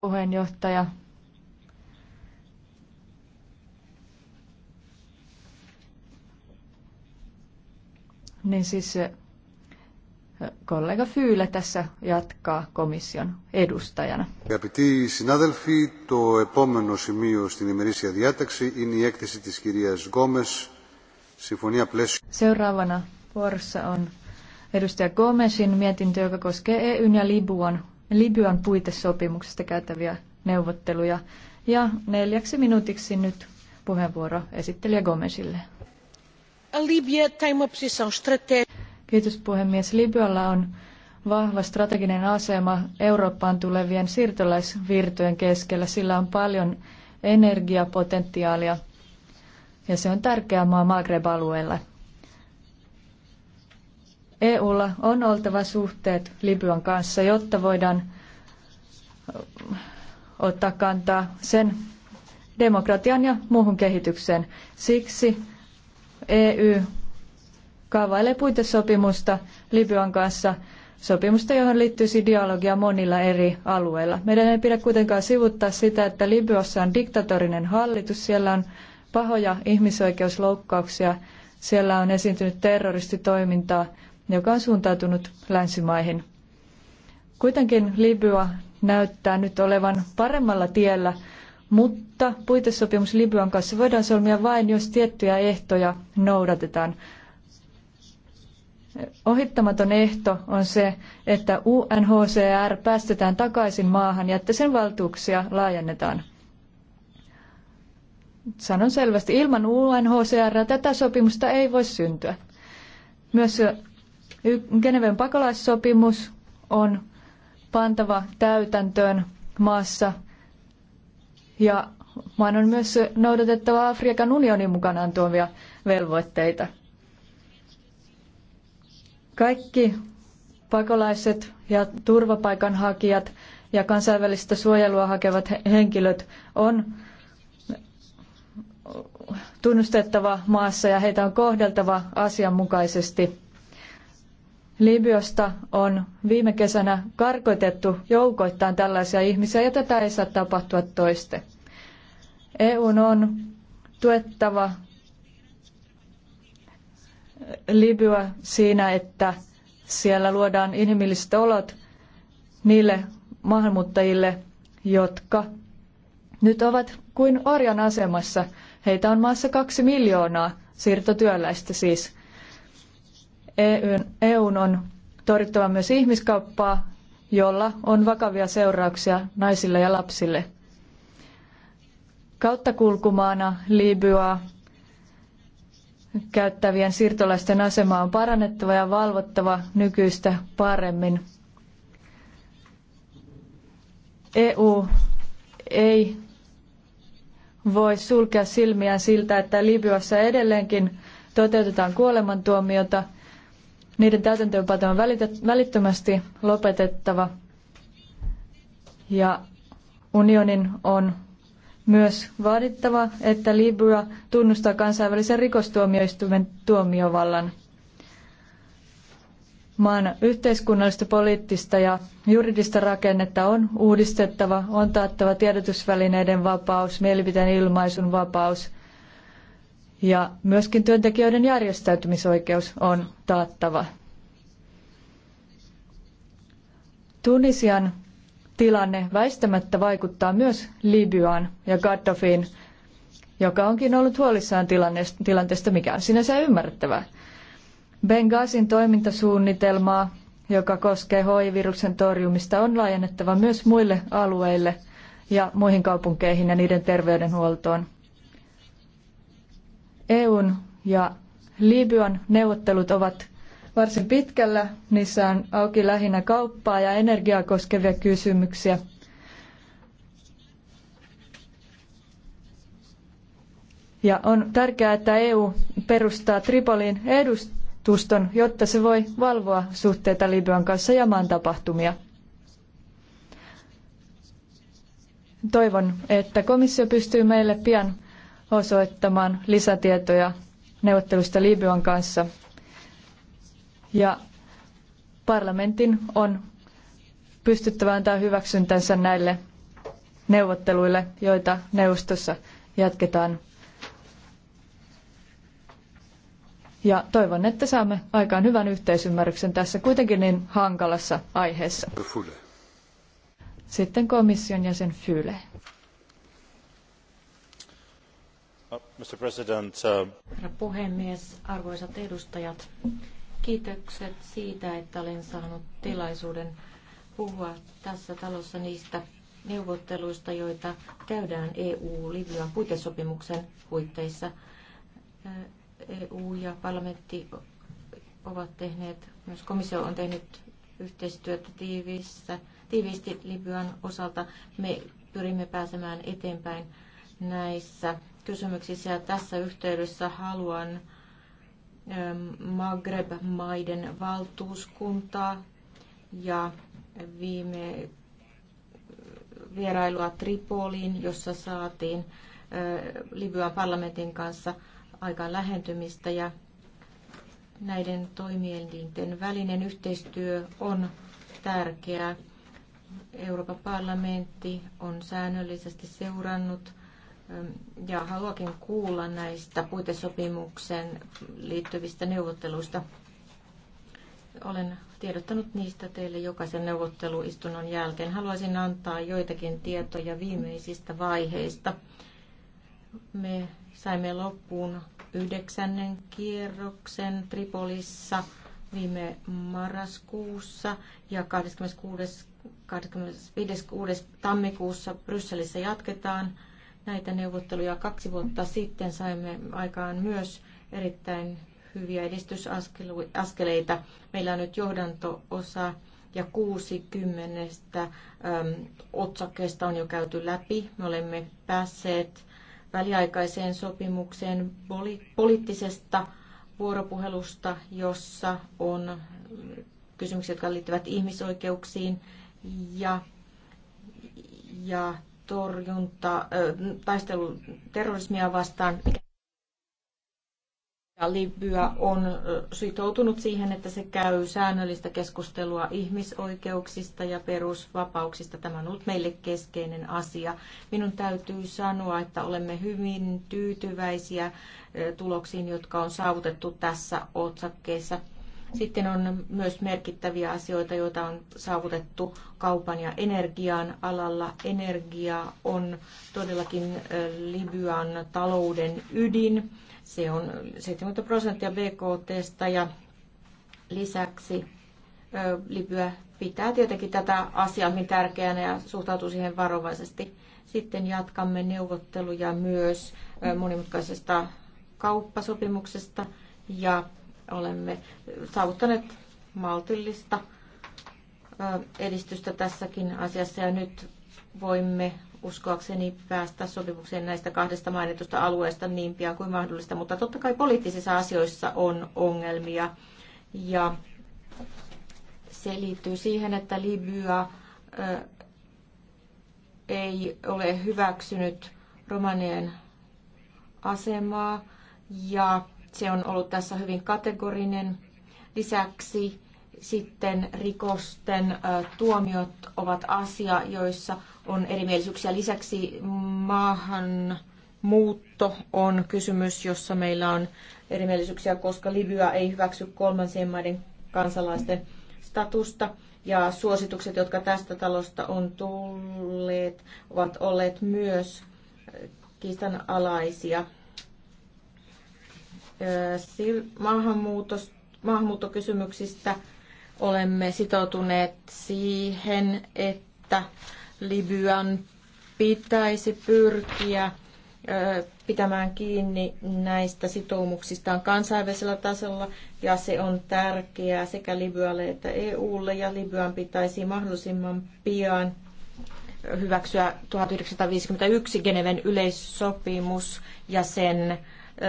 puheenjohtaja. Niin siis eh, kollega Fyyle tässä jatkaa komission edustajana. Αγαπητοί συνάδελφοι, το επόμενο σημείο στην ημερήσια διάταξη είναι η έκθεση της κυρίας Γκόμες, συμφωνία πλαίσιο. Seuraavana vuorossa on edustaja Gomesin mietintö, joka koskee EUn ja Libuan Libyan puitesopimuksesta käytäviä neuvotteluja. Ja neljäksi minuutiksi nyt puheenvuoro esittelijä Gomesille. Kiitos puhemies. Libyalla on vahva strateginen asema Eurooppaan tulevien siirtolaisvirtojen keskellä. Sillä on paljon energiapotentiaalia ja se on tärkeä maa Maghreb-alueella. EUlla on oltava suhteet Libyan kanssa, jotta voidaan ottaa kantaa sen demokratian ja muuhun kehitykseen. Siksi EU kaavailee puitesopimusta Libyan kanssa, sopimusta, johon liittyisi dialogia monilla eri alueilla. Meidän ei pidä kuitenkaan sivuttaa sitä, että Libyassa on diktatorinen hallitus, siellä on pahoja ihmisoikeusloukkauksia, siellä on esiintynyt terroristitoimintaa – joka on suuntautunut länsimaihin. Kuitenkin Libya näyttää nyt olevan paremmalla tiellä, mutta puitesopimus Libyan kanssa voidaan solmia vain, jos tiettyjä ehtoja noudatetaan. Ohittamaton ehto on se, että UNHCR päästetään takaisin maahan ja että sen valtuuksia laajennetaan. Sanon selvästi, ilman UNHCR tätä sopimusta ei voi syntyä. Myös Geneven pakolaissopimus on pantava täytäntöön maassa ja maan on myös noudatettava Afrikan unionin mukanaan tuomia velvoitteita. Kaikki pakolaiset ja turvapaikanhakijat ja kansainvälistä suojelua hakevat henkilöt on tunnustettava maassa ja heitä on kohdeltava asianmukaisesti. Libyasta on viime kesänä karkoitettu joukoittain tällaisia ihmisiä ja tätä ei saa tapahtua toiste. EUn on tuettava Libya siinä, että siellä luodaan inhimilliset olot niille maahanmuuttajille, jotka nyt ovat kuin orjan asemassa. Heitä on maassa kaksi miljoonaa, siirtotyöläistä siis – EUn, EUn on torjuttava myös ihmiskauppaa, jolla on vakavia seurauksia naisille ja lapsille. Kauttakulkumaana Libyaa käyttävien siirtolaisten asemaa on parannettava ja valvottava nykyistä paremmin. EU ei voi sulkea silmiään siltä, että Libyassa edelleenkin toteutetaan kuolemantuomiota – niiden täytäntöönpato on välittömästi lopetettava ja unionin on myös vaadittava, että Libya tunnustaa kansainvälisen rikostuomioistuimen tuomiovallan. Maan yhteiskunnallista, poliittista ja juridista rakennetta on uudistettava, on taattava tiedotusvälineiden vapaus, mielipiteen ilmaisun vapaus – ja myöskin työntekijöiden järjestäytymisoikeus on taattava. Tunisian tilanne väistämättä vaikuttaa myös Libyaan ja Gaddafiin, joka onkin ollut huolissaan tilanteesta, mikä on sinänsä ymmärrettävää. Benghazin toimintasuunnitelmaa, joka koskee HIV-viruksen torjumista, on laajennettava myös muille alueille ja muihin kaupunkeihin ja niiden terveydenhuoltoon. EUn ja Libyan neuvottelut ovat varsin pitkällä. Niissä on auki lähinnä kauppaa ja energiaa koskevia kysymyksiä. Ja on tärkeää, että EU perustaa Tripolin edustuston, jotta se voi valvoa suhteita Libyan kanssa ja maan tapahtumia. Toivon, että komissio pystyy meille pian osoittamaan lisätietoja neuvotteluista Libyan kanssa. Ja parlamentin on pystyttävä antaa hyväksyntänsä näille neuvotteluille, joita neuvostossa jatketaan. Ja toivon, että saamme aikaan hyvän yhteisymmärryksen tässä kuitenkin niin hankalassa aiheessa. Sitten komission jäsen Fyle. Uh, Herra puhemies, arvoisat edustajat, kiitokset siitä, että olen saanut tilaisuuden puhua tässä talossa niistä neuvotteluista, joita käydään EU-Libyan puitesopimuksen puitteissa. EU ja parlamentti ovat tehneet, myös komissio on tehnyt yhteistyötä tiiviissä, tiiviisti Libyan osalta. Me pyrimme pääsemään eteenpäin näissä kysymyksissä ja tässä yhteydessä haluan ähm, Maghreb-maiden valtuuskuntaa ja viime äh, vierailua Tripoliin, jossa saatiin äh, Libyan parlamentin kanssa aikaan lähentymistä ja näiden toimielinten välinen yhteistyö on tärkeää. Euroopan parlamentti on säännöllisesti seurannut ja haluakin kuulla näistä puitesopimukseen liittyvistä neuvotteluista. Olen tiedottanut niistä teille jokaisen neuvotteluistunnon jälkeen. Haluaisin antaa joitakin tietoja viimeisistä vaiheista. Me saimme loppuun yhdeksännen kierroksen Tripolissa viime marraskuussa ja 26. 25. tammikuussa Brysselissä jatketaan näitä neuvotteluja. Kaksi vuotta sitten saimme aikaan myös erittäin hyviä edistysaskeleita. Meillä on nyt johdantoosa ja 60 äm, otsakkeesta on jo käyty läpi. Me olemme päässeet väliaikaiseen sopimukseen poli- poliittisesta vuoropuhelusta, jossa on kysymyksiä, jotka liittyvät ihmisoikeuksiin ja, ja torjunta, taistelu terrorismia vastaan. ja Libya on sitoutunut siihen, että se käy säännöllistä keskustelua ihmisoikeuksista ja perusvapauksista. Tämä on ollut meille keskeinen asia. Minun täytyy sanoa, että olemme hyvin tyytyväisiä tuloksiin, jotka on saavutettu tässä otsakkeessa. Sitten on myös merkittäviä asioita, joita on saavutettu kaupan ja energian alalla. Energia on todellakin Libyan talouden ydin. Se on 70 prosenttia BKTstä ja lisäksi Libya pitää tietenkin tätä asiaa hyvin tärkeänä ja suhtautuu siihen varovaisesti. Sitten jatkamme neuvotteluja myös monimutkaisesta kauppasopimuksesta ja Olemme saavuttaneet maltillista edistystä tässäkin asiassa ja nyt voimme uskoakseni päästä sopimukseen näistä kahdesta mainitusta alueesta niin pian kuin mahdollista, mutta totta kai poliittisissa asioissa on ongelmia ja se liittyy siihen, että Libya ei ole hyväksynyt romanien asemaa ja se on ollut tässä hyvin kategorinen. Lisäksi sitten rikosten tuomiot ovat asia, joissa on erimielisyyksiä. Lisäksi maahanmuutto on kysymys, jossa meillä on erimielisyyksiä, koska Libya ei hyväksy kolmansien maiden kansalaisten statusta. Ja suositukset, jotka tästä talosta on tulleet, ovat olleet myös kiistanalaisia maahanmuuttokysymyksistä. Olemme sitoutuneet siihen, että Libyan pitäisi pyrkiä pitämään kiinni näistä sitoumuksistaan kansainvälisellä tasolla, ja se on tärkeää sekä Libyalle että EUlle, ja Libyan pitäisi mahdollisimman pian hyväksyä 1951 Geneven yleissopimus ja sen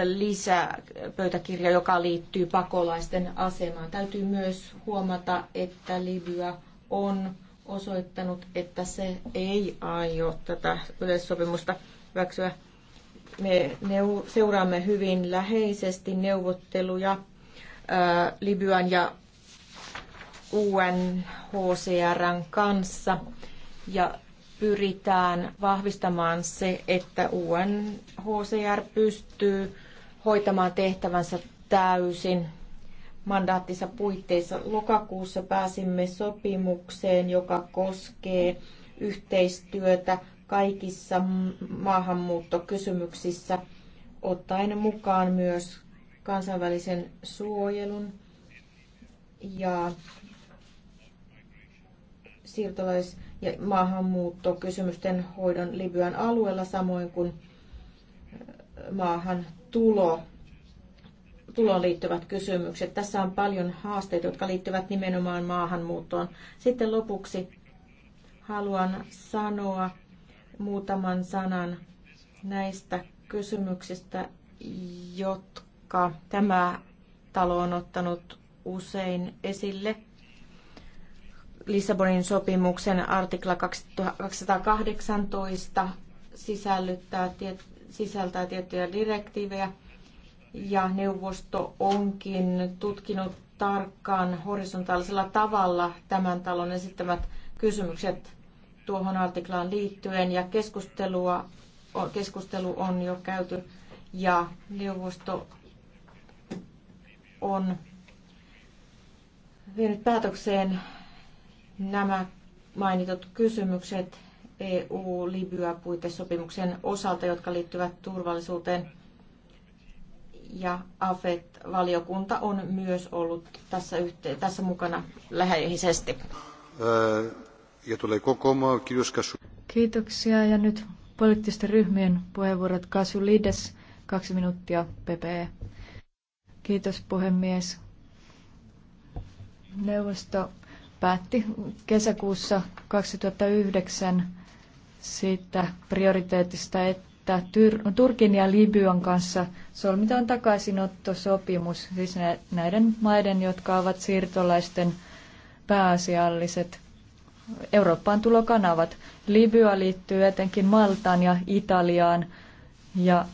lisäpöytäkirja, joka liittyy pakolaisten asemaan. Täytyy myös huomata, että Libya on osoittanut, että se ei aio tätä yleissopimusta hyväksyä. Me seuraamme hyvin läheisesti neuvotteluja ää, Libyan ja UNHCRn kanssa ja pyritään vahvistamaan se, että UNHCR pystyy hoitamaan tehtävänsä täysin mandaattissa puitteissa. Lokakuussa pääsimme sopimukseen, joka koskee yhteistyötä kaikissa maahanmuuttokysymyksissä, ottaen mukaan myös kansainvälisen suojelun ja siirtolais- ja maahanmuuttokysymysten hoidon Libyan alueella, samoin kuin maahan tulo, tuloon liittyvät kysymykset. Tässä on paljon haasteita, jotka liittyvät nimenomaan maahanmuuttoon. Sitten lopuksi haluan sanoa muutaman sanan näistä kysymyksistä, jotka tämä talo on ottanut usein esille – Lissabonin sopimuksen artikla 218 sisällyttää, sisältää tiettyjä direktiivejä ja neuvosto onkin tutkinut tarkkaan horisontaalisella tavalla tämän talon esittämät kysymykset tuohon artiklaan liittyen ja keskustelua, keskustelu on jo käyty ja neuvosto on vienyt päätökseen nämä mainitut kysymykset EU-Libya-puitesopimuksen osalta, jotka liittyvät turvallisuuteen. Ja AFET-valiokunta on myös ollut tässä, yhte- tässä mukana läheisesti. Äh, ja Kiitoksia. Ja nyt poliittisten ryhmien puheenvuorot. Kasu Lides, kaksi minuuttia, PPE. Kiitos puhemies. Neuvosto päätti kesäkuussa 2009 siitä prioriteetista, että Turkin ja Libyan kanssa solmitaan takaisinottosopimus, siis näiden maiden, jotka ovat siirtolaisten pääasialliset Eurooppaan tulokanavat. Libya liittyy etenkin Maltaan ja Italiaan ja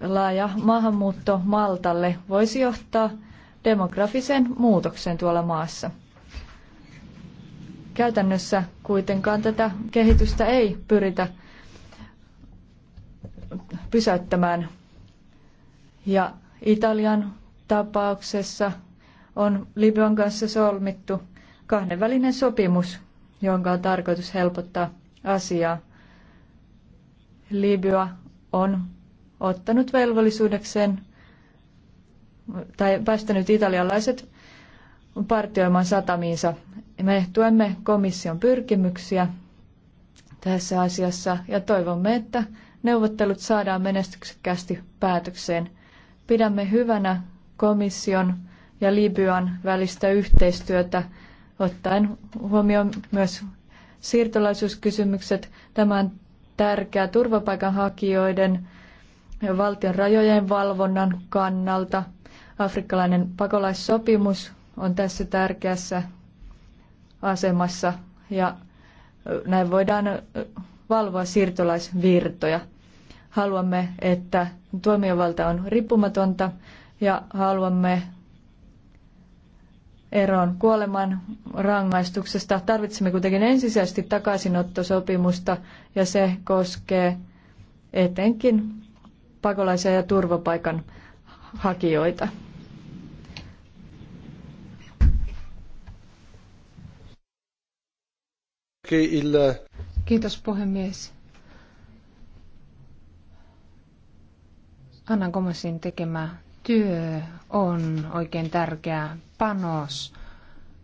laaja maahanmuutto Maltalle voisi johtaa demografisen muutoksen tuolla maassa. Käytännössä kuitenkaan tätä kehitystä ei pyritä pysäyttämään. Ja Italian tapauksessa on Libyan kanssa solmittu kahdenvälinen sopimus, jonka on tarkoitus helpottaa asiaa. Libya on ottanut velvollisuudekseen tai päästänyt italialaiset partioimaan satamiinsa. Me tuemme komission pyrkimyksiä tässä asiassa ja toivomme, että neuvottelut saadaan menestyksekkäästi päätökseen. Pidämme hyvänä komission ja Libyan välistä yhteistyötä ottaen huomioon myös siirtolaisuuskysymykset. Tämä on tärkeää turvapaikanhakijoiden ja valtion rajojen valvonnan kannalta – Afrikkalainen pakolaissopimus on tässä tärkeässä asemassa ja näin voidaan valvoa siirtolaisvirtoja. Haluamme, että tuomiovalta on riippumatonta ja haluamme eroon kuoleman rangaistuksesta. Tarvitsemme kuitenkin ensisijaisesti takaisinottosopimusta ja se koskee etenkin pakolaisia ja turvapaikan hakijoita. Kiitos puhemies. Anna Gomesin tekemä työ on oikein tärkeä panos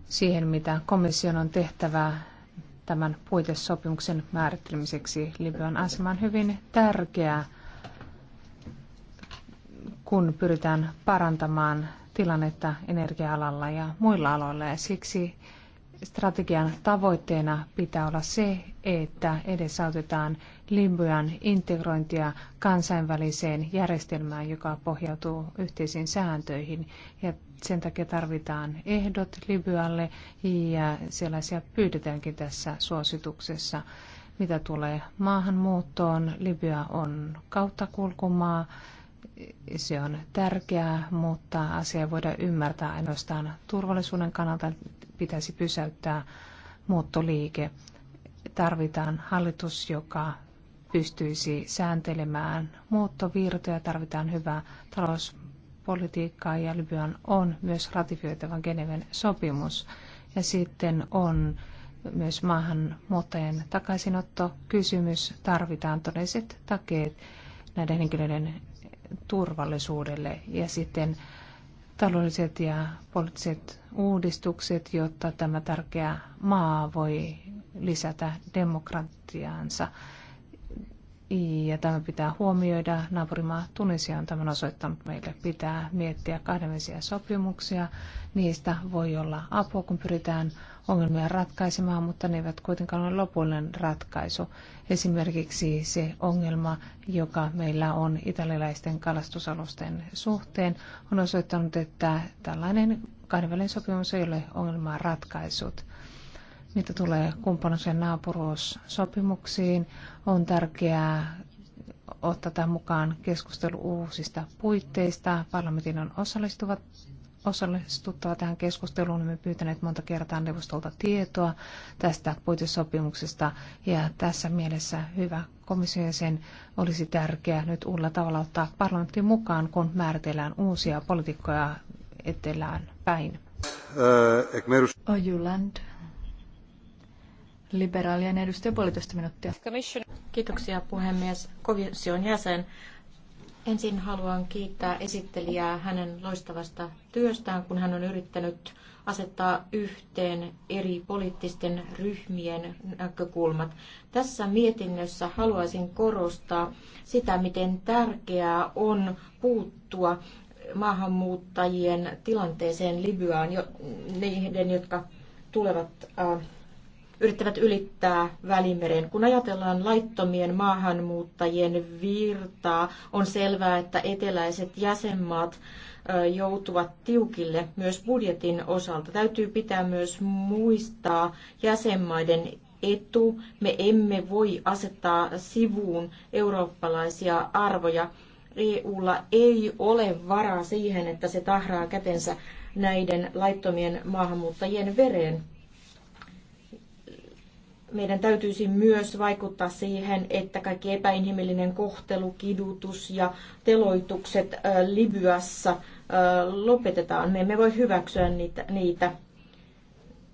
siihen, mitä komission on tehtävä tämän puitesopimuksen määrittelemiseksi. Libyan asema on hyvin tärkeä, kun pyritään parantamaan tilannetta energia-alalla ja muilla aloilla. Ja siksi strategian tavoitteena pitää olla se, että edesautetaan Libyan integrointia kansainväliseen järjestelmään, joka pohjautuu yhteisiin sääntöihin. Ja sen takia tarvitaan ehdot Libyalle ja sellaisia pyydetäänkin tässä suosituksessa. Mitä tulee maahanmuuttoon, Libya on kauttakulkumaa se on tärkeää, mutta asia voidaan ymmärtää ainoastaan turvallisuuden kannalta pitäisi pysäyttää muuttoliike. Tarvitaan hallitus, joka pystyisi sääntelemään muuttovirtoja, tarvitaan hyvää talouspolitiikkaa ja Libyan on myös ratifioitava Geneven sopimus. Ja sitten on myös maahanmuuttajien takaisinotto kysymys. Tarvitaan todelliset takeet näiden henkilöiden turvallisuudelle ja sitten taloudelliset ja poliittiset uudistukset, jotta tämä tärkeä maa voi lisätä demokratiaansa. Ja tämä pitää huomioida. Naapurimaa Tunisia on tämän osoittanut meille. Pitää miettiä kahdenvälisiä sopimuksia. Niistä voi olla apua, kun pyritään ongelmia ratkaisemaan, mutta ne eivät kuitenkaan ole lopullinen ratkaisu. Esimerkiksi se ongelma, joka meillä on italialaisten kalastusalusten suhteen, on osoittanut, että tällainen kahdenvälinen sopimus ei ole ongelmaa ratkaisut. Mitä tulee kumppanuus- ja naapuruussopimuksiin, on tärkeää ottaa mukaan keskustelu uusista puitteista. Parlamentin on osallistuvat osallistuttua tähän keskusteluun. Me pyytäneet monta kertaa neuvostolta tietoa tästä puitesopimuksesta ja tässä mielessä hyvä komission sen olisi tärkeää nyt uudella tavalla ottaa parlamentti mukaan, kun määritellään uusia poliitikkoja etelään päin. Ojuland. Liberaalien edustaja puolitoista minuuttia. Kiitoksia puhemies. Komission jäsen Ensin haluan kiittää esittelijää hänen loistavasta työstään, kun hän on yrittänyt asettaa yhteen eri poliittisten ryhmien näkökulmat. Tässä mietinnössä haluaisin korostaa sitä, miten tärkeää on puuttua maahanmuuttajien tilanteeseen Libyaan, niiden, jotka tulevat äh, yrittävät ylittää Välimeren. Kun ajatellaan laittomien maahanmuuttajien virtaa, on selvää, että eteläiset jäsenmaat joutuvat tiukille myös budjetin osalta. Täytyy pitää myös muistaa jäsenmaiden etu. Me emme voi asettaa sivuun eurooppalaisia arvoja. EUlla ei ole varaa siihen, että se tahraa kätensä näiden laittomien maahanmuuttajien vereen meidän täytyisi myös vaikuttaa siihen, että kaikki epäinhimillinen kohtelu, kidutus ja teloitukset Libyassa lopetetaan. Me emme voi hyväksyä niitä.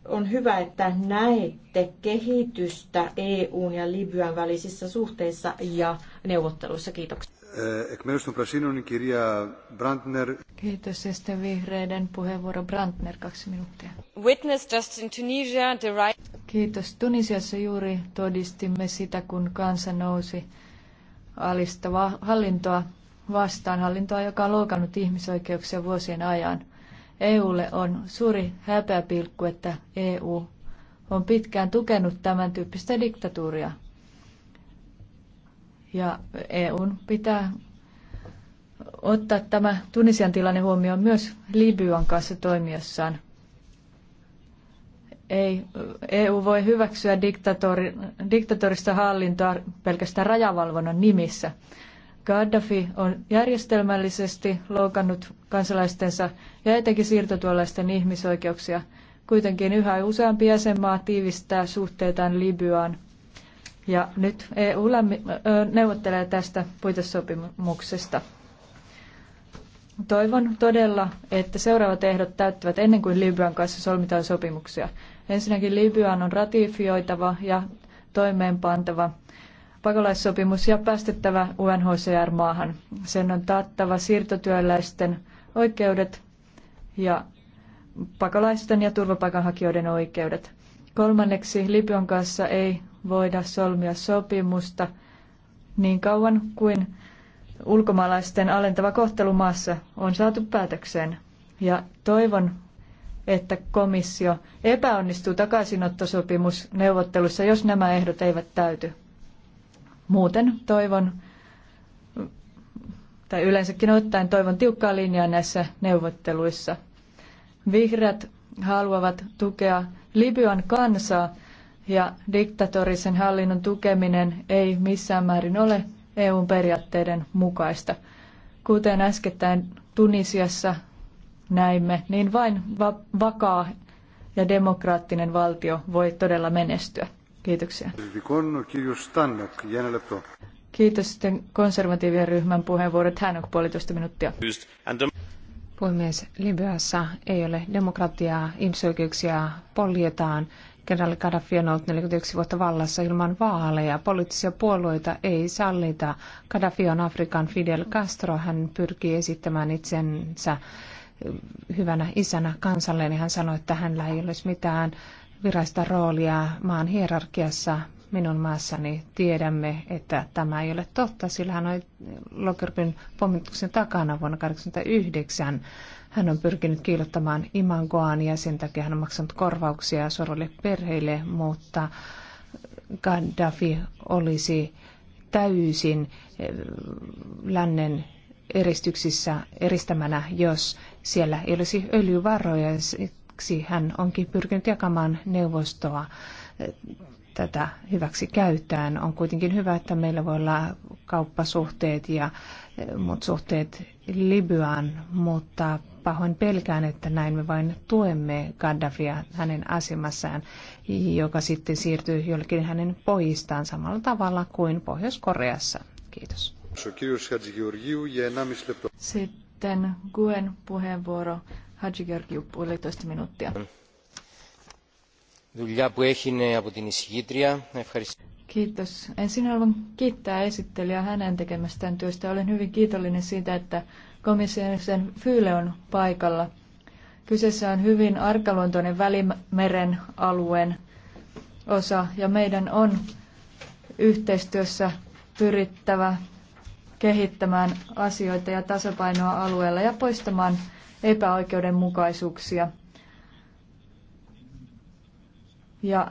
On hyvä, että näette kehitystä EUn ja Libyan välisissä suhteissa ja neuvotteluissa. Kiitoksia. Eh, Kiitos. sitten vihreiden puheenvuoro Brandner, kaksi minuuttia. Witness just in Tunisia the right... Kiitos. Tunisiassa juuri todistimme sitä, kun kansa nousi alistavaa hallintoa vastaan, hallintoa, joka on loukannut ihmisoikeuksia vuosien ajan. EUlle on suuri häpeäpilkku, että EU on pitkään tukenut tämän tyyppistä diktatuuria. Ja EUn pitää ottaa tämä Tunisian tilanne huomioon myös Libyan kanssa toimijassaan. Ei EU voi hyväksyä diktatorista hallintoa pelkästään rajavalvonnan nimissä. Gaddafi on järjestelmällisesti loukannut kansalaistensa ja etenkin siirtotuolaisten ihmisoikeuksia. Kuitenkin yhä useampi jäsenmaa tiivistää suhteitaan Libyaan. Ja nyt EU neuvottelee tästä puitesopimuksesta. Toivon todella, että seuraavat ehdot täyttävät ennen kuin Libyan kanssa solmitaan sopimuksia. Ensinnäkin Libyan on ratifioitava ja toimeenpantava pakolaissopimus ja päästettävä UNHCR maahan. Sen on taattava siirtotyöläisten oikeudet ja pakolaisten ja turvapaikanhakijoiden oikeudet. Kolmanneksi Libyan kanssa ei voida solmia sopimusta niin kauan kuin ulkomaalaisten alentava kohtelu maassa on saatu päätökseen. Ja toivon, että komissio epäonnistuu takaisinottosopimusneuvottelussa, jos nämä ehdot eivät täyty. Muuten toivon, tai yleensäkin ottaen toivon tiukkaa linjaa näissä neuvotteluissa. Vihreät haluavat tukea Libyan kansaa ja diktatorisen hallinnon tukeminen ei missään määrin ole EUn periaatteiden mukaista. Kuten äskettäin Tunisiassa näimme, niin vain vakaa ja demokraattinen valtio voi todella menestyä. Kiitoksia. Kiitos sitten konservatiivien ryhmän puheenvuorot. Hän on puolitoista minuuttia. Puhemies, Libyassa ei ole demokratiaa, ihmisoikeuksia poljetaan. Kenraali Gaddafi on ollut 41 vuotta vallassa ilman vaaleja. Poliittisia puolueita ei sallita. Gaddafi on Afrikan Fidel Castro. Hän pyrkii esittämään itsensä hyvänä isänä kansalle, niin hän sanoi, että hänellä ei olisi mitään virallista roolia maan hierarkiassa minun maassani. Tiedämme, että tämä ei ole totta, sillä hän oli Lokerbyn pommituksen takana vuonna 1989. Hän on pyrkinyt kiilottamaan imangoaan ja sen takia hän on maksanut korvauksia sorolle perheille, mutta Gaddafi olisi täysin eh, lännen eristyksissä eristämänä, jos siellä ei olisi öljyvaroja ja siksi hän onkin pyrkinyt jakamaan neuvostoa eh, tätä hyväksi käyttäen. On kuitenkin hyvä, että meillä voi olla kauppasuhteet ja eh, muut suhteet Libyaan, mutta pahoin pelkään, että näin me vain tuemme Gaddafia hänen asemassaan, joka sitten siirtyy jollekin hänen pojistaan samalla tavalla kuin Pohjois-Koreassa. Kiitos. Sitten sitten Guen puheenvuoro Hadji Georgiou, puolitoista minuuttia. Kiitos. Ensin haluan kiittää esittelijää hänen tekemästään työstä. Olen hyvin kiitollinen siitä, että komission sen Fyyle on paikalla. Kyseessä on hyvin arkaluontoinen Välimeren alueen osa ja meidän on yhteistyössä pyrittävä kehittämään asioita ja tasapainoa alueella ja poistamaan epäoikeudenmukaisuuksia. Ja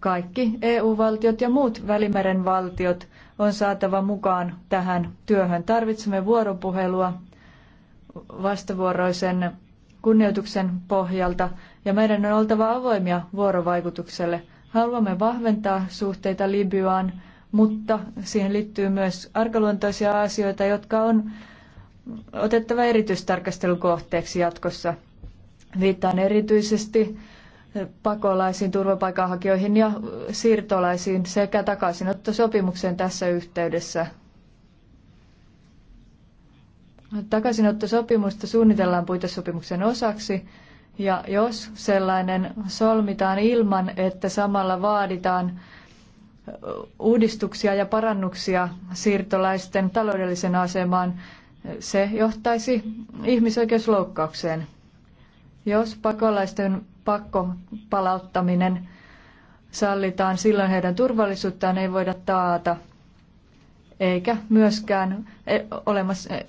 kaikki EU-valtiot ja muut Välimeren valtiot on saatava mukaan tähän työhön. Tarvitsemme vuoropuhelua vastavuoroisen kunnioituksen pohjalta ja meidän on oltava avoimia vuorovaikutukselle. Haluamme vahventaa suhteita Libyaan mutta siihen liittyy myös arkaluontoisia asioita, jotka on otettava erityistarkastelukohteeksi jatkossa. Viittaan erityisesti pakolaisiin, turvapaikanhakijoihin ja siirtolaisiin sekä takaisinottosopimukseen tässä yhteydessä. Takaisinottosopimusta suunnitellaan puitesopimuksen osaksi ja jos sellainen solmitaan ilman, että samalla vaaditaan uudistuksia ja parannuksia siirtolaisten taloudelliseen asemaan, se johtaisi ihmisoikeusloukkaukseen. Jos pakolaisten pakkopalauttaminen sallitaan, silloin heidän turvallisuuttaan ei voida taata, eikä myöskään e, olemassa e,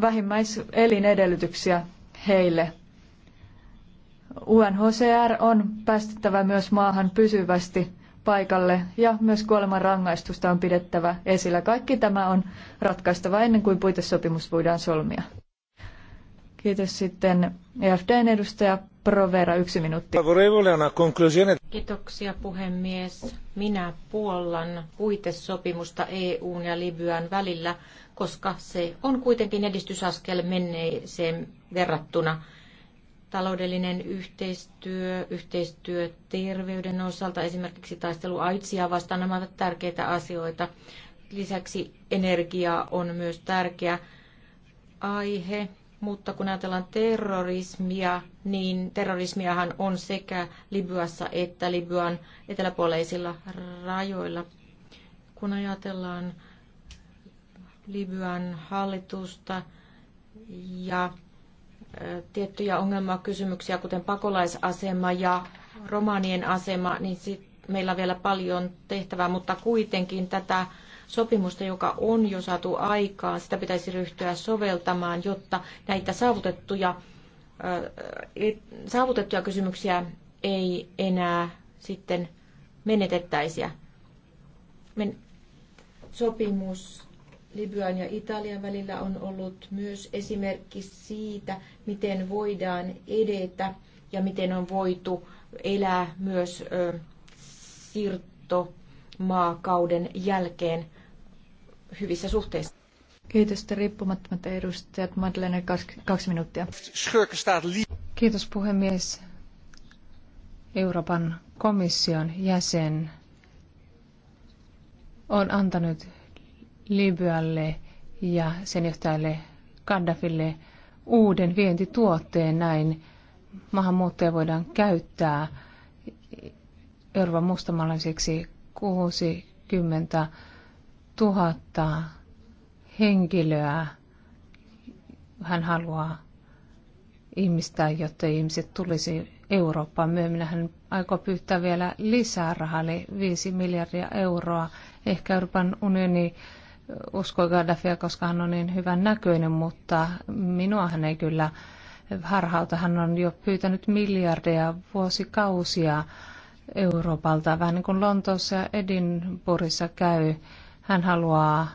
vähimmäiselinedellytyksiä heille. UNHCR on päästettävä myös maahan pysyvästi paikalle ja myös kuoleman rangaistusta on pidettävä esillä. Kaikki tämä on ratkaistava ennen kuin puitesopimus voidaan solmia. Kiitos sitten EFDn edustaja Provera, yksi minuutti. Kiitoksia puhemies. Minä puollan puitesopimusta EUn ja Libyan välillä, koska se on kuitenkin edistysaskel menneeseen verrattuna taloudellinen yhteistyö, yhteistyö terveyden osalta, esimerkiksi taistelu AIDSia vastaan, nämä ovat tärkeitä asioita. Lisäksi energia on myös tärkeä aihe, mutta kun ajatellaan terrorismia, niin terrorismiahan on sekä Libyassa että Libyan eteläpuoleisilla rajoilla. Kun ajatellaan Libyan hallitusta ja tiettyjä ongelmakysymyksiä, kuten pakolaisasema ja romanien asema, niin sit meillä on vielä paljon tehtävää, mutta kuitenkin tätä sopimusta, joka on jo saatu aikaan, sitä pitäisi ryhtyä soveltamaan, jotta näitä saavutettuja, e, saavutettuja kysymyksiä ei enää sitten menetettäisiä. Men, sopimus Libyan ja Italian välillä on ollut myös esimerkki siitä, miten voidaan edetä ja miten on voitu elää myös siirtomaakauden jälkeen hyvissä suhteissa. Kiitos, te riippumattomat edustajat. Madeleine, kaksi minuuttia. Kiitos, puhemies. Euroopan komission jäsen on antanut Libyalle ja sen johtajalle Gaddafille uuden vientituotteen näin maahanmuuttaja voidaan käyttää Euroopan mustamalaisiksi 60 000 henkilöä. Hän haluaa ihmistä, jotta ihmiset tulisi Eurooppaan. Myöhemmin hän aikoo pyytää vielä lisää rahaa, eli 5 miljardia euroa. Ehkä Euroopan unioni uskoi Gaddafia, koska hän on niin hyvän näköinen, mutta minua hän ei kyllä harhauta. Hän on jo pyytänyt miljardeja vuosikausia Euroopalta, vähän niin kuin Lontoossa ja Edinburghissa käy. Hän haluaa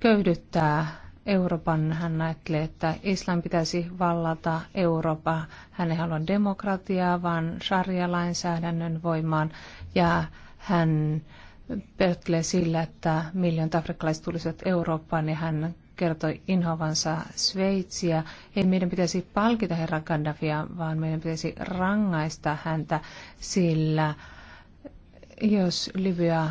köyhdyttää Euroopan. Hän ajattelee, että islam pitäisi vallata Eurooppa. Hän ei halua demokratiaa, vaan sharia-lainsäädännön voimaan. Ja hän pelklee sillä, että miljoonat afrikkalaiset tulisivat Eurooppaan ja hän kertoi inhovansa Sveitsiä. Ei meidän pitäisi palkita herra Gaddafia, vaan meidän pitäisi rangaista häntä, sillä jos Libya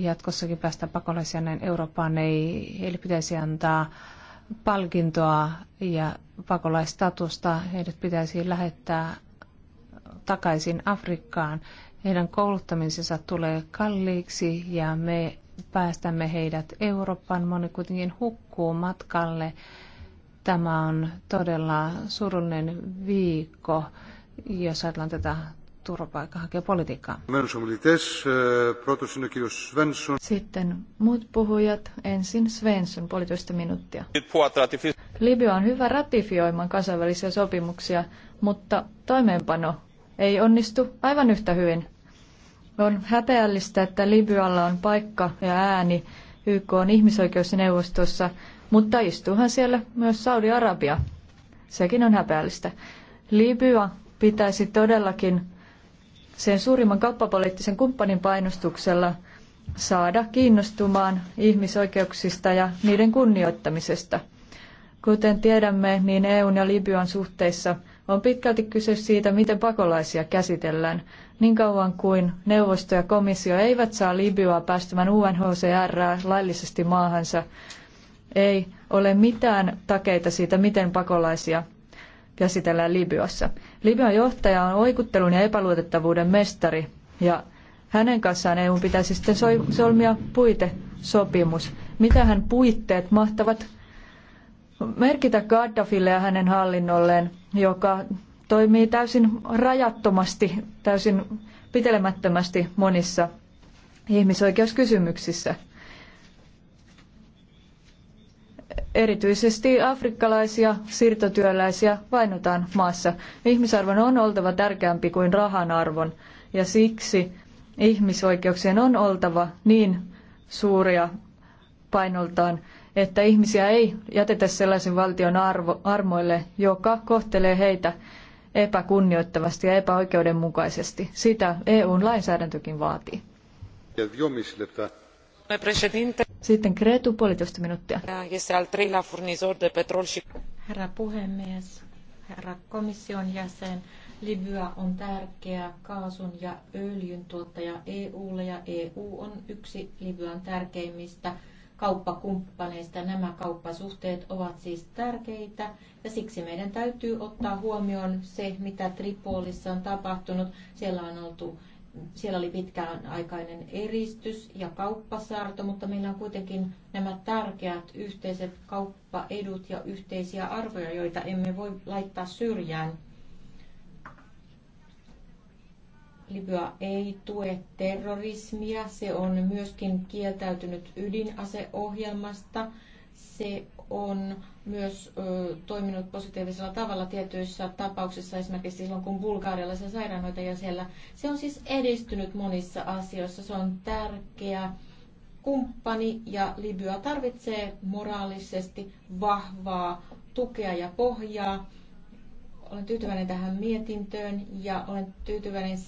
jatkossakin päästä pakolaisia näin Eurooppaan, ei heille pitäisi antaa palkintoa ja pakolaistatusta. Heidät pitäisi lähettää takaisin Afrikkaan heidän kouluttamisensa tulee kalliiksi ja me päästämme heidät Eurooppaan. Moni kuitenkin hukkuu matkalle. Tämä on todella surullinen viikko, jos ajatellaan tätä turvapaikanhakijapolitiikkaa. Sitten muut puhujat. Ensin Svensson, puolitoista minuuttia. Libya on hyvä ratifioimaan kansainvälisiä sopimuksia, mutta toimeenpano ei onnistu aivan yhtä hyvin. On häpeällistä, että Libyalla on paikka ja ääni YK on ihmisoikeusneuvostossa, mutta istuuhan siellä myös Saudi-Arabia. Sekin on häpeällistä. Libya pitäisi todellakin sen suurimman kauppapoliittisen kumppanin painostuksella saada kiinnostumaan ihmisoikeuksista ja niiden kunnioittamisesta. Kuten tiedämme, niin EUn ja Libyan suhteissa – on pitkälti kyse siitä, miten pakolaisia käsitellään. Niin kauan kuin neuvosto ja komissio eivät saa Libyaa päästämään UNHCR laillisesti maahansa, ei ole mitään takeita siitä, miten pakolaisia käsitellään Libyassa. Libyan johtaja on oikuttelun ja epäluotettavuuden mestari ja hänen kanssaan EU pitäisi sitten solmia puitesopimus. Mitähän puitteet mahtavat merkitä Gaddafille ja hänen hallinnolleen, joka toimii täysin rajattomasti, täysin pitelemättömästi monissa ihmisoikeuskysymyksissä. Erityisesti afrikkalaisia siirtotyöläisiä vainotaan maassa. Ihmisarvon on oltava tärkeämpi kuin rahan arvon ja siksi ihmisoikeuksien on oltava niin suuria painoltaan, että ihmisiä ei jätetä sellaisen valtion arvo, armoille, joka kohtelee heitä epäkunnioittavasti ja epäoikeudenmukaisesti. Sitä EUn lainsäädäntökin vaatii. Sitten Kretu, puolitoista minuuttia. Herra puhemies, herra komission jäsen, Libya on tärkeä kaasun ja öljyn tuottaja EUlle ja EU on yksi Libyan tärkeimmistä kauppakumppaneista. Nämä kauppasuhteet ovat siis tärkeitä ja siksi meidän täytyy ottaa huomioon se, mitä Tripolissa on tapahtunut. Siellä on oltu siellä oli pitkään aikainen eristys ja kauppasaarto, mutta meillä on kuitenkin nämä tärkeät yhteiset kauppaedut ja yhteisiä arvoja, joita emme voi laittaa syrjään. Libya ei tue terrorismia, se on myöskin kieltäytynyt ydinaseohjelmasta, se on myös ö, toiminut positiivisella tavalla tietyissä tapauksissa, esimerkiksi silloin kun se sairaanhoitaja siellä. Se on siis edistynyt monissa asioissa, se on tärkeä kumppani ja Libya tarvitsee moraalisesti vahvaa tukea ja pohjaa olen tyytyväinen tähän mietintöön ja olen tyytyväinen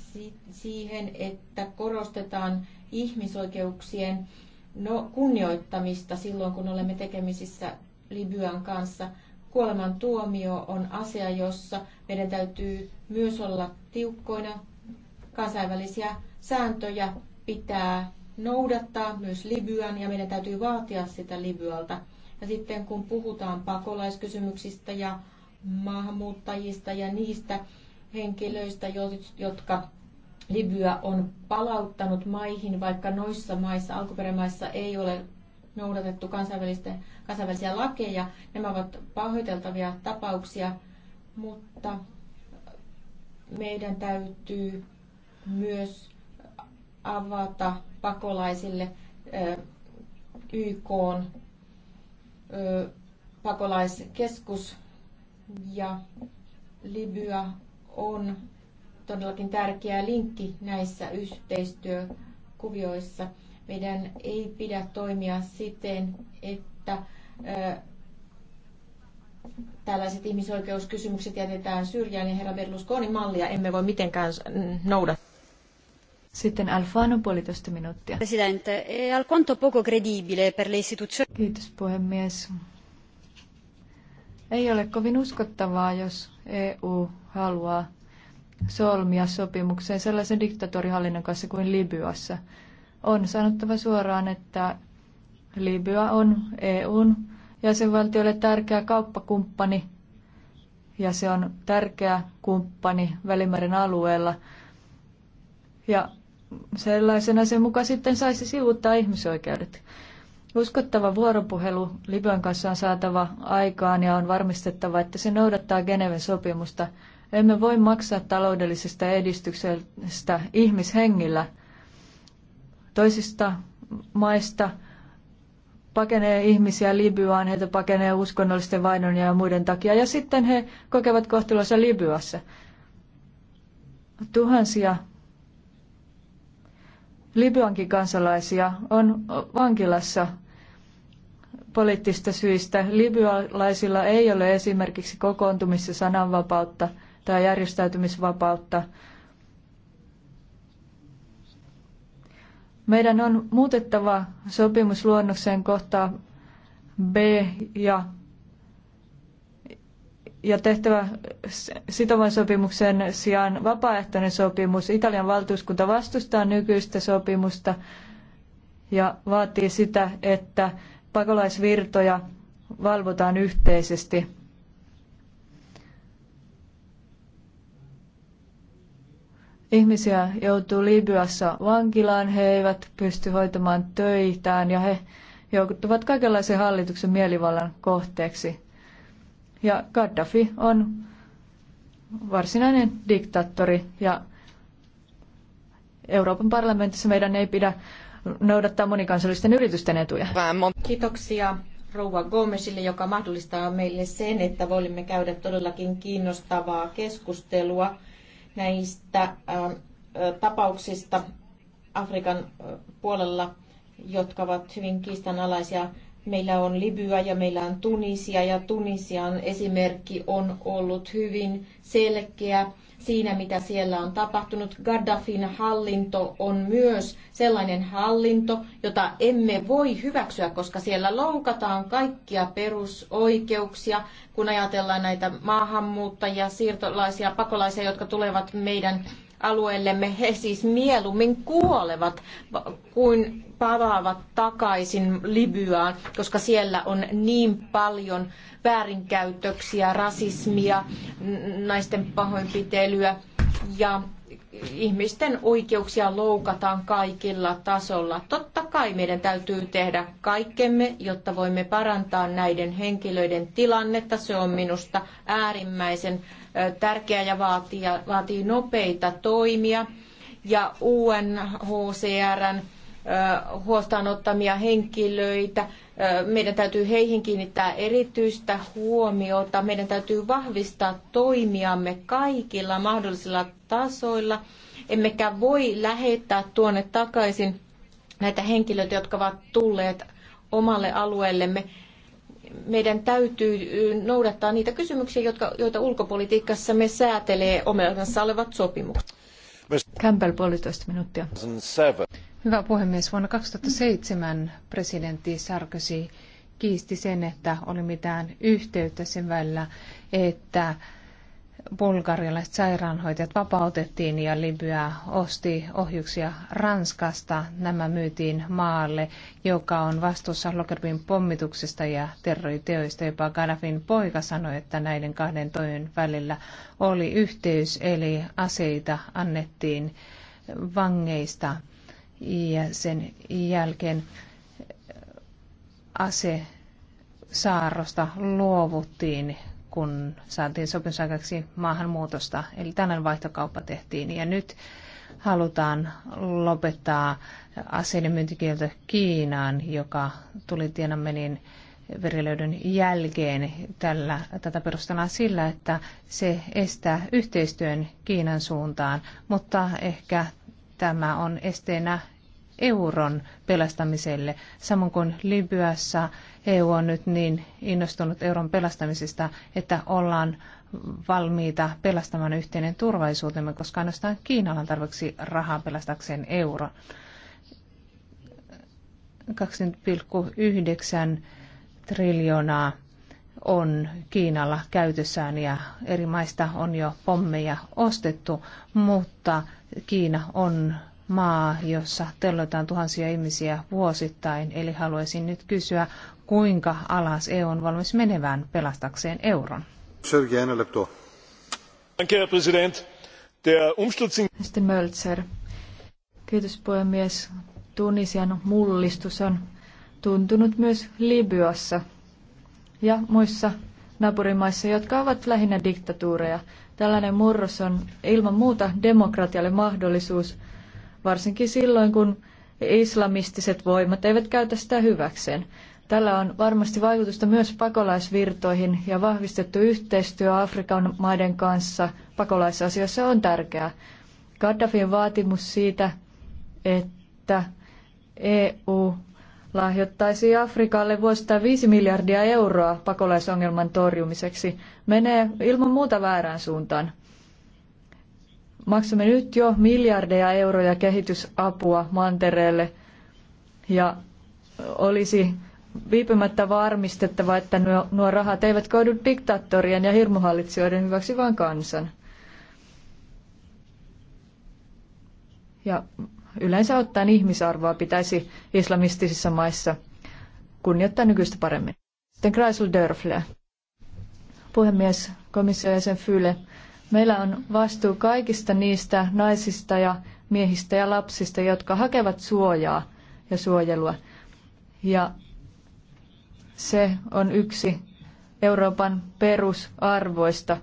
siihen, että korostetaan ihmisoikeuksien no, kunnioittamista silloin, kun olemme tekemisissä Libyan kanssa. Kuoleman tuomio on asia, jossa meidän täytyy myös olla tiukkoina. Kansainvälisiä sääntöjä pitää noudattaa myös Libyan ja meidän täytyy vaatia sitä Libyalta. Ja sitten kun puhutaan pakolaiskysymyksistä ja maahanmuuttajista ja niistä henkilöistä, jotka Libya on palauttanut maihin, vaikka noissa maissa, alkuperämaissa ei ole noudatettu kansainvälisiä lakeja. Nämä ovat pahoiteltavia tapauksia, mutta meidän täytyy myös avata pakolaisille YK pakolaiskeskus ja Libya on todellakin tärkeä linkki näissä yhteistyökuvioissa. Meidän ei pidä toimia siten, että tällaiset ihmisoikeuskysymykset jätetään syrjään ja herra Berlusconin mallia emme voi mitenkään noudattaa. Sitten Alfano puolitoista minuuttia. Presidente, è alquanto poco credibile per le istituzioni. Kiitos puhemies. Ei ole kovin uskottavaa, jos EU haluaa solmia sopimukseen sellaisen diktatorihallinnon kanssa kuin Libyassa. On sanottava suoraan, että Libya on EUn jäsenvaltiolle tärkeä kauppakumppani ja se on tärkeä kumppani Välimeren alueella. Ja sellaisena se mukaan sitten saisi sivuuttaa ihmisoikeudet. Uskottava vuoropuhelu Libyan kanssa on saatava aikaan ja on varmistettava, että se noudattaa Geneven sopimusta. Emme voi maksaa taloudellisesta edistyksestä ihmishengillä. Toisista maista pakenee ihmisiä Libyaan, heitä pakenee uskonnollisten vainon ja muiden takia, ja sitten he kokevat kohtelunsa Libyassa. Tuhansia Libyankin kansalaisia on vankilassa poliittista syistä. Libyalaisilla ei ole esimerkiksi kokoontumis- ja sananvapautta tai järjestäytymisvapautta. Meidän on muutettava sopimusluonnokseen kohtaa B ja, ja tehtävä sitovan sopimuksen sijaan vapaaehtoinen sopimus. Italian valtuuskunta vastustaa nykyistä sopimusta ja vaatii sitä, että pakolaisvirtoja valvotaan yhteisesti. Ihmisiä joutuu Libyassa vankilaan, he eivät pysty hoitamaan töitään ja he joutuvat kaikenlaisen hallituksen mielivallan kohteeksi. Ja Gaddafi on varsinainen diktaattori ja Euroopan parlamentissa meidän ei pidä noudattaa monikansallisten yritysten etuja. Kiitoksia rouva Gomesille, joka mahdollistaa meille sen, että voimme käydä todellakin kiinnostavaa keskustelua näistä ähm, tapauksista Afrikan puolella, jotka ovat hyvin kiistanalaisia. Meillä on Libya ja meillä on Tunisia ja Tunisian esimerkki on ollut hyvin selkeä siinä, mitä siellä on tapahtunut. Gaddafin hallinto on myös sellainen hallinto, jota emme voi hyväksyä, koska siellä loukataan kaikkia perusoikeuksia, kun ajatellaan näitä maahanmuuttajia, siirtolaisia, pakolaisia, jotka tulevat meidän alueellemme. He siis mieluummin kuolevat kuin palaavat takaisin Libyaan, koska siellä on niin paljon väärinkäytöksiä, rasismia, naisten pahoinpitelyä ja ihmisten oikeuksia loukataan kaikilla tasolla. Totta kai meidän täytyy tehdä kaikkemme, jotta voimme parantaa näiden henkilöiden tilannetta. Se on minusta äärimmäisen tärkeää ja vaatii, vaatii nopeita toimia. Ja UNHCRn huostaanottamia henkilöitä. Meidän täytyy heihin kiinnittää erityistä huomiota. Meidän täytyy vahvistaa toimiamme kaikilla mahdollisilla tasoilla. Emmekä voi lähettää tuonne takaisin näitä henkilöitä, jotka ovat tulleet omalle alueellemme. Meidän täytyy noudattaa niitä kysymyksiä, jotka, joita ulkopolitiikassa me säätelee omelmassa olevat sopimukset. Campbell, puolitoista minuuttia. 2007. Hyvä puhemies. Vuonna 2007 presidentti Sarkozy kiisti sen, että oli mitään yhteyttä sen välillä, että bulgarialaiset sairaanhoitajat vapautettiin ja Libya osti ohjuksia Ranskasta. Nämä myytiin maalle, joka on vastuussa Lokerbin pommituksesta ja terroriteoista. Jopa Gaddafin poika sanoi, että näiden kahden toimen välillä oli yhteys, eli aseita annettiin vangeista ja sen jälkeen ase saarrosta luovuttiin, kun saatiin sopimusaikaksi maahanmuutosta. Eli tällainen vaihtokauppa tehtiin ja nyt halutaan lopettaa aseiden myyntikielto Kiinaan, joka tuli Tienanmenin verilöydön jälkeen. Tällä, tätä perustellaan sillä, että se estää yhteistyön Kiinan suuntaan, mutta ehkä tämä on esteenä euron pelastamiselle. Samoin kuin Libyassa EU on nyt niin innostunut euron pelastamisesta, että ollaan valmiita pelastamaan yhteinen turvallisuutemme, koska ainoastaan Kiinalla on tarpeeksi rahaa pelastakseen euron. 2,9 triljoonaa on Kiinalla käytössään ja eri maista on jo pommeja ostettu, mutta Kiina on maa, jossa tellotaan tuhansia ihmisiä vuosittain. Eli haluaisin nyt kysyä, kuinka alas EU on valmis menevään pelastakseen euron? Sitten Möltser. Kiitos puhemies. Tunisian mullistus on tuntunut myös Libyassa ja muissa naapurimaissa, jotka ovat lähinnä diktatuureja. Tällainen murros on ilman muuta demokratialle mahdollisuus – varsinkin silloin, kun islamistiset voimat eivät käytä sitä hyväkseen. Tällä on varmasti vaikutusta myös pakolaisvirtoihin ja vahvistettu yhteistyö Afrikan maiden kanssa pakolaisasioissa on tärkeää. Gaddafin vaatimus siitä, että EU lahjoittaisi Afrikalle vuosittain 5 miljardia euroa pakolaisongelman torjumiseksi, menee ilman muuta väärään suuntaan. Maksamme nyt jo miljardeja euroja kehitysapua mantereelle ja olisi viipymättä varmistettava, että nuo, nuo rahat eivät koidu diktaattorien ja hirmuhallitsijoiden hyväksi, vaan kansan. Ja yleensä ottaen ihmisarvoa pitäisi islamistisissa maissa kunnioittaa nykyistä paremmin. Sitten Kreisel Dörfle. Puhemies, komissio ja sen Fyle. Meillä on vastuu kaikista niistä naisista ja miehistä ja lapsista, jotka hakevat suojaa ja suojelua. Ja se on yksi Euroopan perusarvoista.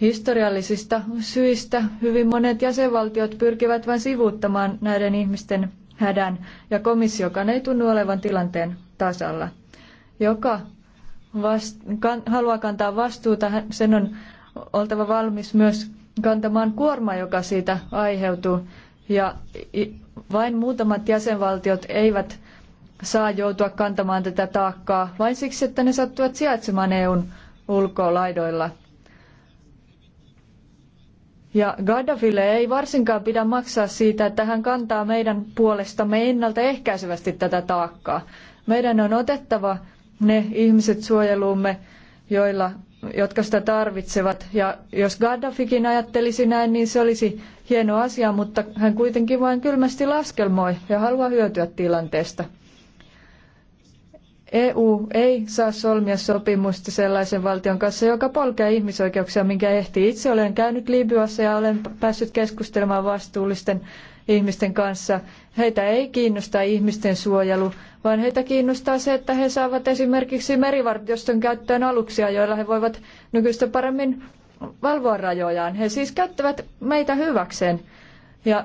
Historiallisista syistä hyvin monet jäsenvaltiot pyrkivät vain sivuuttamaan näiden ihmisten hädän, ja komissiokaan ei tunnu olevan tilanteen tasalla. Joka haluaa kantaa vastuuta, sen on oltava valmis myös kantamaan kuorma, joka siitä aiheutuu. Ja vain muutamat jäsenvaltiot eivät saa joutua kantamaan tätä taakkaa vain siksi, että ne sattuvat sijaitsemaan EUn ulkolaidoilla. Ja Gaddafille ei varsinkaan pidä maksaa siitä, että hän kantaa meidän puolestamme ennaltaehkäisevästi tätä taakkaa. Meidän on otettava ne ihmiset suojeluumme, joilla, jotka sitä tarvitsevat. Ja jos Gaddafikin ajattelisi näin, niin se olisi hieno asia, mutta hän kuitenkin vain kylmästi laskelmoi ja haluaa hyötyä tilanteesta. EU ei saa solmia sopimusta sellaisen valtion kanssa, joka polkee ihmisoikeuksia, minkä ehtii. Itse olen käynyt Libyassa ja olen päässyt keskustelemaan vastuullisten ihmisten kanssa. Heitä ei kiinnosta ihmisten suojelu vaan heitä kiinnostaa se, että he saavat esimerkiksi merivartioston käyttöön aluksia, joilla he voivat nykyistä paremmin valvoa rajojaan. He siis käyttävät meitä hyväkseen. Ja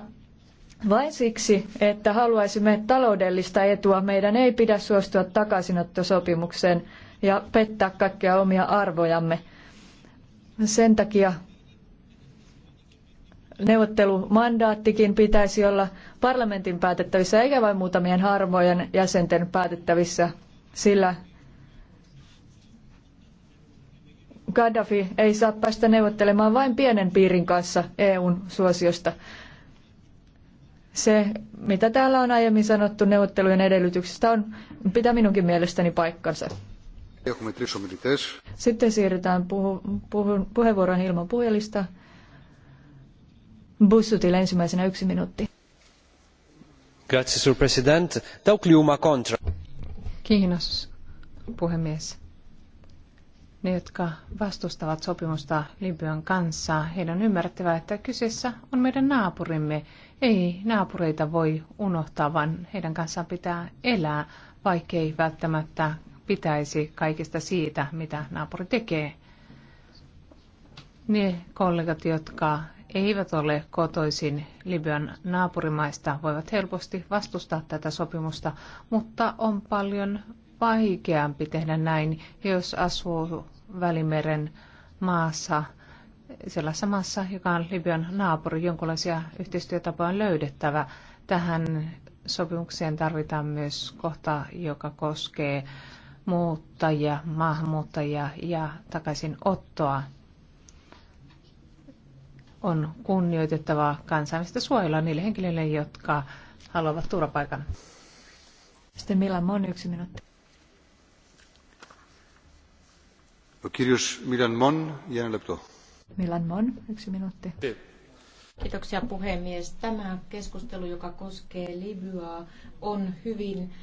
vain siksi, että haluaisimme taloudellista etua, meidän ei pidä suostua takaisinottosopimukseen ja pettää kaikkia omia arvojamme. Sen takia neuvottelumandaattikin pitäisi olla parlamentin päätettävissä eikä vain muutamien harvojen jäsenten päätettävissä, sillä Gaddafi ei saa päästä neuvottelemaan vain pienen piirin kanssa EUn suosiosta. Se, mitä täällä on aiemmin sanottu neuvottelujen edellytyksistä, on, pitää minunkin mielestäni paikkansa. Sitten siirrytään puhu, puhu, puheenvuoroihin ilman puhelista. Bussutille ensimmäisenä yksi minuutti. Grazie, president. kontra. puhemies. Ne, jotka vastustavat sopimusta Libyan kanssa, heidän on ymmärrettävä, että kyseessä on meidän naapurimme. Ei naapureita voi unohtaa, vaan heidän kanssaan pitää elää, vaikkei välttämättä pitäisi kaikesta siitä, mitä naapuri tekee. Ne kollegat, jotka eivät ole kotoisin Libyan naapurimaista, voivat helposti vastustaa tätä sopimusta, mutta on paljon vaikeampi tehdä näin, jos asuu Välimeren maassa, sellaisessa maassa, joka on Libyan naapuri. Jonkinlaisia yhteistyötapoja on löydettävä. Tähän sopimukseen tarvitaan myös kohta, joka koskee muuttajia, maahanmuuttajia ja takaisinottoa on kunnioitettava kansainvälistä suojelua niille henkilöille, jotka haluavat turvapaikan. Sitten Milan Mon, yksi minuutti. Kirjus Milan Mon, Milan Mon, yksi minuutti. Kiitoksia puhemies. Tämä keskustelu, joka koskee Libyaa, on hyvin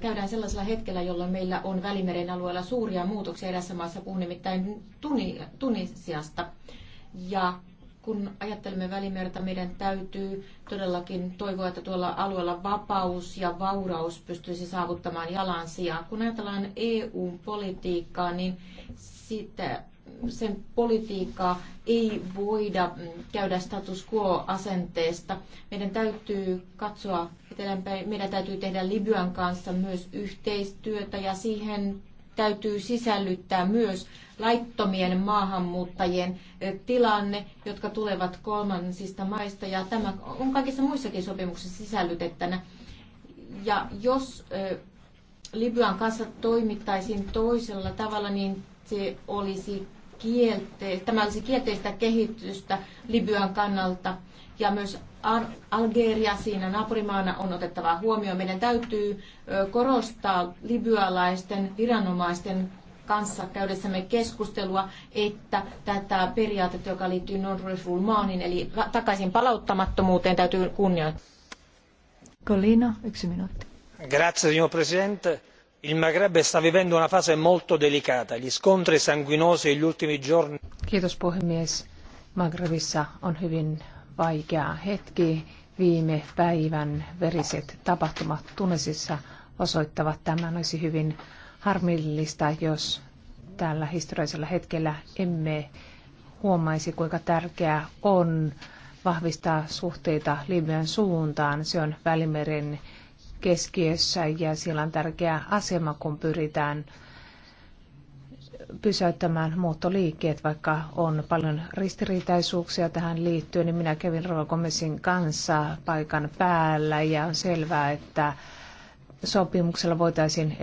käydään sellaisella hetkellä, jolloin meillä on Välimeren alueella suuria muutoksia erässä maassa, puhun nimittäin Tunisiasta. Ja kun ajattelemme välimerta, meidän täytyy todellakin toivoa, että tuolla alueella vapaus ja vauraus pystyisi saavuttamaan jalansijaa. Kun ajatellaan EU-politiikkaa, niin sitä, sen politiikkaa ei voida käydä status quo-asenteesta. Meidän täytyy katsoa eteenpäin. Meidän täytyy tehdä Libyan kanssa myös yhteistyötä ja siihen täytyy sisällyttää myös laittomien maahanmuuttajien tilanne, jotka tulevat kolmansista maista, ja tämä on kaikissa muissakin sopimuksissa sisällytettänä. Ja jos Libyan kanssa toimittaisiin toisella tavalla, niin se olisi kielte, tämä olisi kielteistä kehitystä Libyan kannalta ja myös Algeria siinä naapurimaana on otettava huomioon. Meidän täytyy korostaa libyalaisten viranomaisten kanssa käydessämme keskustelua, että tätä periaatetta, joka liittyy non maanin, eli takaisin palauttamattomuuteen, täytyy kunnioittaa. Colina, yksi minuutti. Grazie, signor Presidente. Il Maghreb sta vivendo una fase molto delicata. Gli scontri sanguinosi degli ultimi giorni. Kiitos puhemies. Maghrebissa on hyvin vaikea hetki. Viime päivän veriset tapahtumat Tunisissa osoittavat tämän. Olisi hyvin harmillista, jos tällä historiallisella hetkellä emme huomaisi, kuinka tärkeää on vahvistaa suhteita Libyan suuntaan. Se on Välimeren keskiössä ja siellä on tärkeä asema, kun pyritään pysäyttämään muuttoliikkeet, vaikka on paljon ristiriitaisuuksia tähän liittyen, niin minä kävin Rovakomissin kanssa paikan päällä ja on selvää, että sopimuksella voitaisiin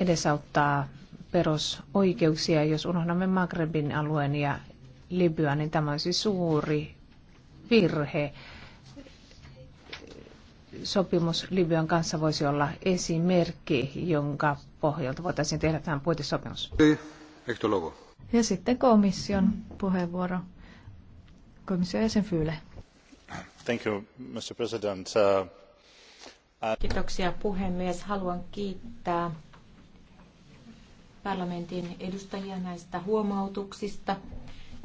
edesauttaa perusoikeuksia, jos unohdamme Magrebin alueen ja Libyan, niin tämä on siis suuri virhe. Sopimus Libyan kanssa voisi olla esimerkki, jonka pohjalta voitaisiin tehdä tähän puitesopimus. Ja sitten komission puheenvuoro. Komission jäsen Fyle. Thank you, Mr. President. Uh, uh, Kiitoksia puhemies. Haluan kiittää parlamentin edustajia näistä huomautuksista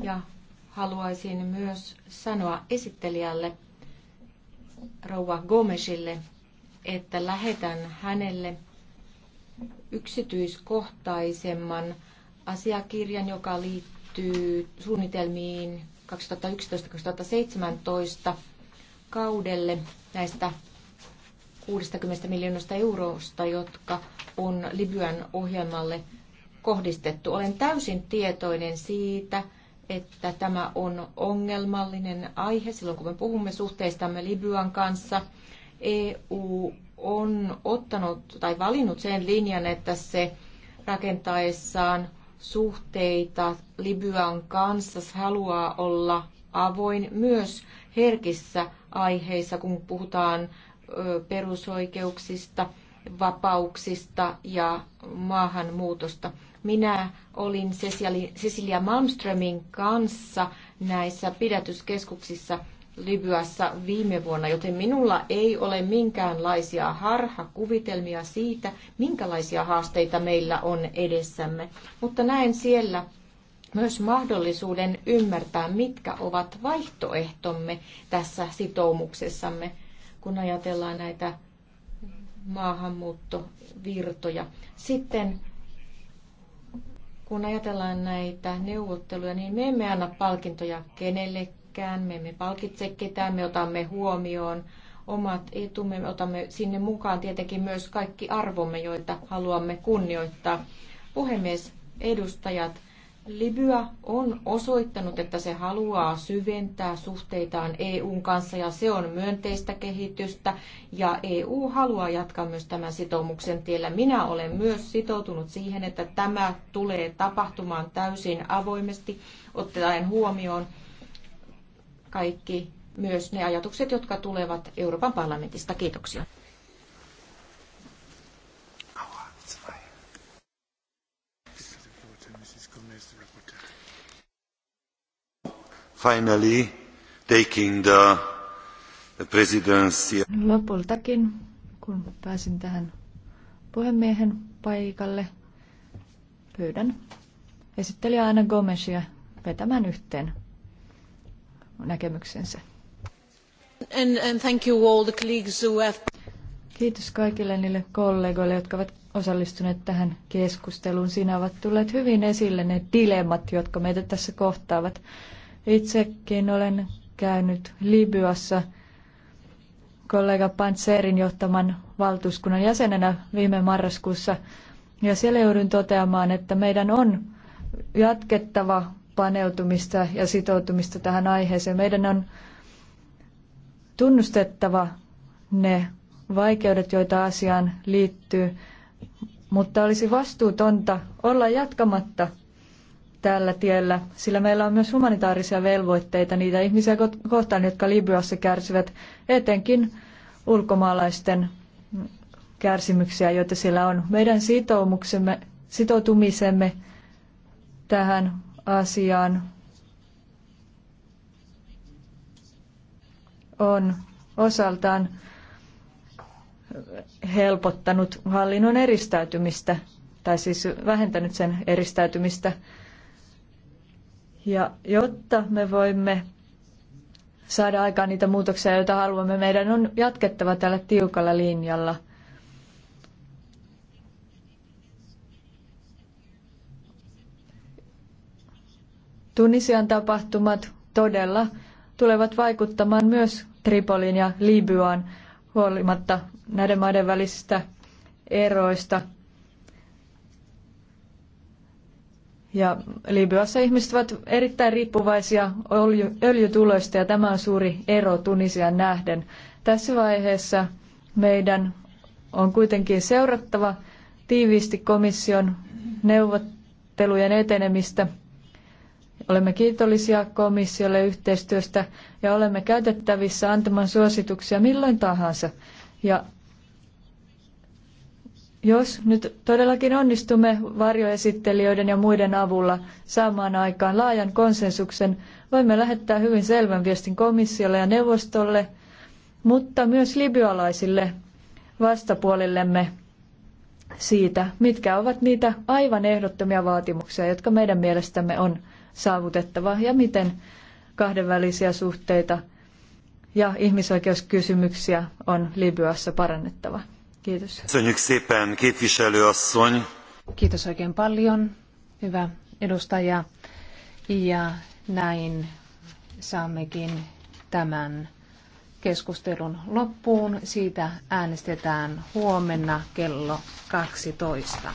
ja haluaisin myös sanoa esittelijälle rouva Gomesille, että lähetän hänelle yksityiskohtaisemman asiakirjan, joka liittyy suunnitelmiin 2011-2017 kaudelle näistä 60 miljoonasta eurosta, jotka on Libyan ohjelmalle kohdistettu. Olen täysin tietoinen siitä, että tämä on ongelmallinen aihe silloin, kun me puhumme suhteistamme Libyan kanssa. EU on ottanut tai valinnut sen linjan, että se rakentaessaan suhteita Libyan kanssa haluaa olla avoin myös herkissä aiheissa, kun puhutaan perusoikeuksista, vapauksista ja maahanmuutosta. Minä olin Cecilia Malmströmin kanssa näissä pidätyskeskuksissa – Libyassa viime vuonna, joten minulla ei ole minkäänlaisia harhakuvitelmia siitä, minkälaisia haasteita meillä on edessämme. Mutta näen siellä myös mahdollisuuden ymmärtää, mitkä ovat vaihtoehtomme tässä sitoumuksessamme, kun ajatellaan näitä maahanmuuttovirtoja. Sitten kun ajatellaan näitä neuvotteluja, niin me emme anna palkintoja kenellekään kenellekään, me emme palkitse ketään, me otamme huomioon omat etumme, me otamme sinne mukaan tietenkin myös kaikki arvomme, joita haluamme kunnioittaa. Puhemies, edustajat, Libya on osoittanut, että se haluaa syventää suhteitaan EUn kanssa ja se on myönteistä kehitystä ja EU haluaa jatkaa myös tämän sitoumuksen tiellä. Minä olen myös sitoutunut siihen, että tämä tulee tapahtumaan täysin avoimesti ottaen huomioon kaikki myös ne ajatukset, jotka tulevat Euroopan parlamentista. Kiitoksia. Finally, taking the presidency. Lopultakin, kun pääsin tähän puhemiehen paikalle, pyydän esittelijä Anna Gomesia vetämään yhteen näkemyksensä. And, and thank you all the colleagues who have... Kiitos kaikille niille kollegoille, jotka ovat osallistuneet tähän keskusteluun. Siinä ovat tulleet hyvin esille ne dilemmat, jotka meitä tässä kohtaavat. Itsekin olen käynyt Libyassa kollega Pantserin johtaman valtuuskunnan jäsenenä viime marraskuussa. Ja siellä joudun toteamaan, että meidän on jatkettava paneutumista ja sitoutumista tähän aiheeseen. Meidän on tunnustettava ne vaikeudet, joita asiaan liittyy, mutta olisi vastuutonta olla jatkamatta tällä tiellä, sillä meillä on myös humanitaarisia velvoitteita niitä ihmisiä kohtaan, jotka Libyassa kärsivät, etenkin ulkomaalaisten kärsimyksiä, joita siellä on. Meidän sitoumuksemme, sitoutumisemme tähän asiaan on osaltaan helpottanut hallinnon eristäytymistä, tai siis vähentänyt sen eristäytymistä. Ja jotta me voimme saada aikaan niitä muutoksia, joita haluamme, meidän on jatkettava tällä tiukalla linjalla – Tunisian tapahtumat todella tulevat vaikuttamaan myös Tripolin ja Libyaan huolimatta näiden maiden välisistä eroista. Ja Libyassa ihmiset ovat erittäin riippuvaisia öljytuloista ja tämä on suuri ero Tunisian nähden. Tässä vaiheessa meidän on kuitenkin seurattava tiiviisti komission neuvottelujen etenemistä – Olemme kiitollisia komissiolle yhteistyöstä ja olemme käytettävissä antamaan suosituksia milloin tahansa. Ja jos nyt todellakin onnistumme varjoesittelijöiden ja muiden avulla saamaan aikaan laajan konsensuksen, voimme lähettää hyvin selvän viestin komissiolle ja neuvostolle, mutta myös libyalaisille vastapuolillemme siitä, mitkä ovat niitä aivan ehdottomia vaatimuksia, jotka meidän mielestämme on saavutettava ja miten kahdenvälisiä suhteita ja ihmisoikeuskysymyksiä on Libyassa parannettava. Kiitos. szépen, Kiitos oikein paljon, hyvä edustaja. Ja näin saammekin tämän keskustelun loppuun. Siitä äänestetään huomenna kello 12.